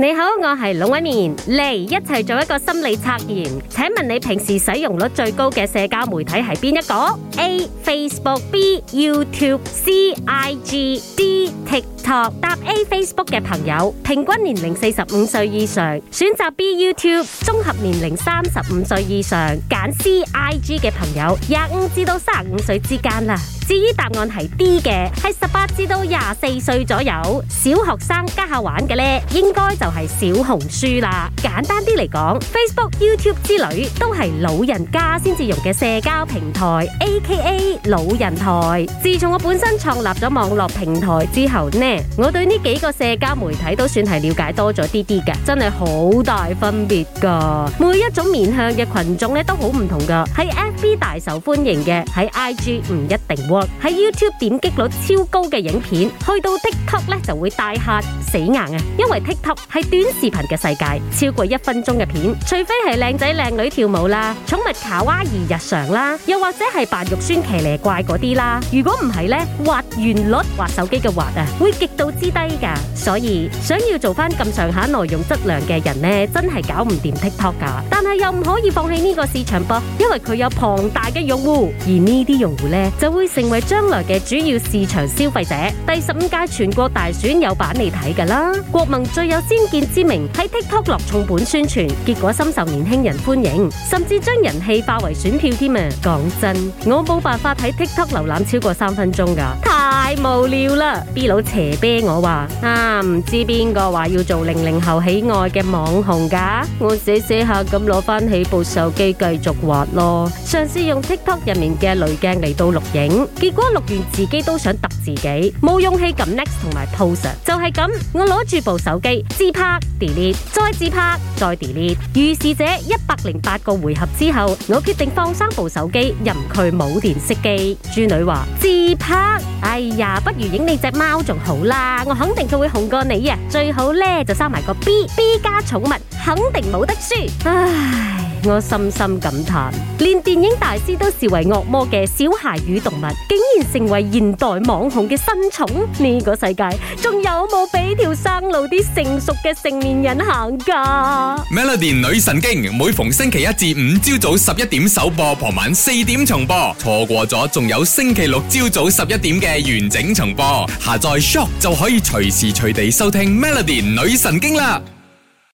你好，我係龍紋敏，嚟一齊做一個心理測驗，請問你平時使用率最高嘅社交媒體係邊一個？A Facebook，B YouTube，C I G，D TikTok。答 A Facebook 嘅朋友平均年齡四十五歲以上，選擇 B YouTube 綜合年齡三十五歲以上，揀 C I G 嘅朋友廿五至到三十五歲之間啦。至於答案係 D 嘅係十八至到廿四歲左右，小學生家下玩嘅呢應該就係小紅書啦。簡單啲嚟講，Facebook、YouTube 之類都係老人家先至用嘅社交平台，AKA 老人台。自從我本身創立咗網絡平台之後呢，我對呢幾個社交媒體都算係了解多咗啲啲嘅，真係好大分別㗎。每一種面向嘅群眾咧都好唔同㗎，喺 FB 大受歡迎嘅，喺 IG 唔一定。喺 YouTube 點擊率超高嘅影片，去到 TikTok 咧就會大吓死硬啊！因為 TikTok 係短視頻嘅世界，超過一分鐘嘅片，除非係靚仔靚女跳舞啦、寵物卡哇伊日常啦，又或者係白玉酸騎呢怪嗰啲啦。如果唔係咧，滑完率滑手機嘅滑啊，會極度之低噶。所以想要做翻咁上下內容質量嘅人咧，真係搞唔掂 TikTok 噶。但係又唔可以放棄呢個市場噃，啊，因為佢有龐大嘅用戶，而呢啲用戶咧就會成為將來嘅主要市場消費者，第十五屆全國大選有版你睇噶啦！國民最有先見之明，喺 TikTok 落重本宣傳，結果深受年輕人歡迎，甚至將人氣化為選票添啊！講真，我冇辦法睇 TikTok 瀏覽超過三分鐘噶，太無聊啦！B 佬斜啤我話啊，唔知邊個話要做零零後喜愛嘅網紅噶？我寫寫下咁攞翻起部手機繼續畫咯，嘗試用 TikTok 入面嘅濾鏡嚟到錄影。結果錄完自己都想揼自己，冇勇氣撳 next 同埋 pose，就係咁。我攞住部手機自拍 delete，再自拍再 delete。如是者一百零八個回合之後，我決定放生部手機任佢冇電熄機。豬女話自拍，哎呀，不如影你隻貓仲好啦，我肯定佢會紅過你啊！最好呢，就收埋個 B B 加寵物，肯定冇得輸。唉。我深深感嘆，連電影大師都視為惡魔嘅小孩與動物，竟然成為現代網紅嘅新寵。呢個世界仲有冇俾條生路啲成熟嘅成年人行噶？Melody 女神經每逢星期一至五朝早十一點首播，傍晚四點重播，錯過咗仲有星期六朝早十一點嘅完整重播。下載 Shock 就可以隨時隨地收聽 Melody 女神經啦。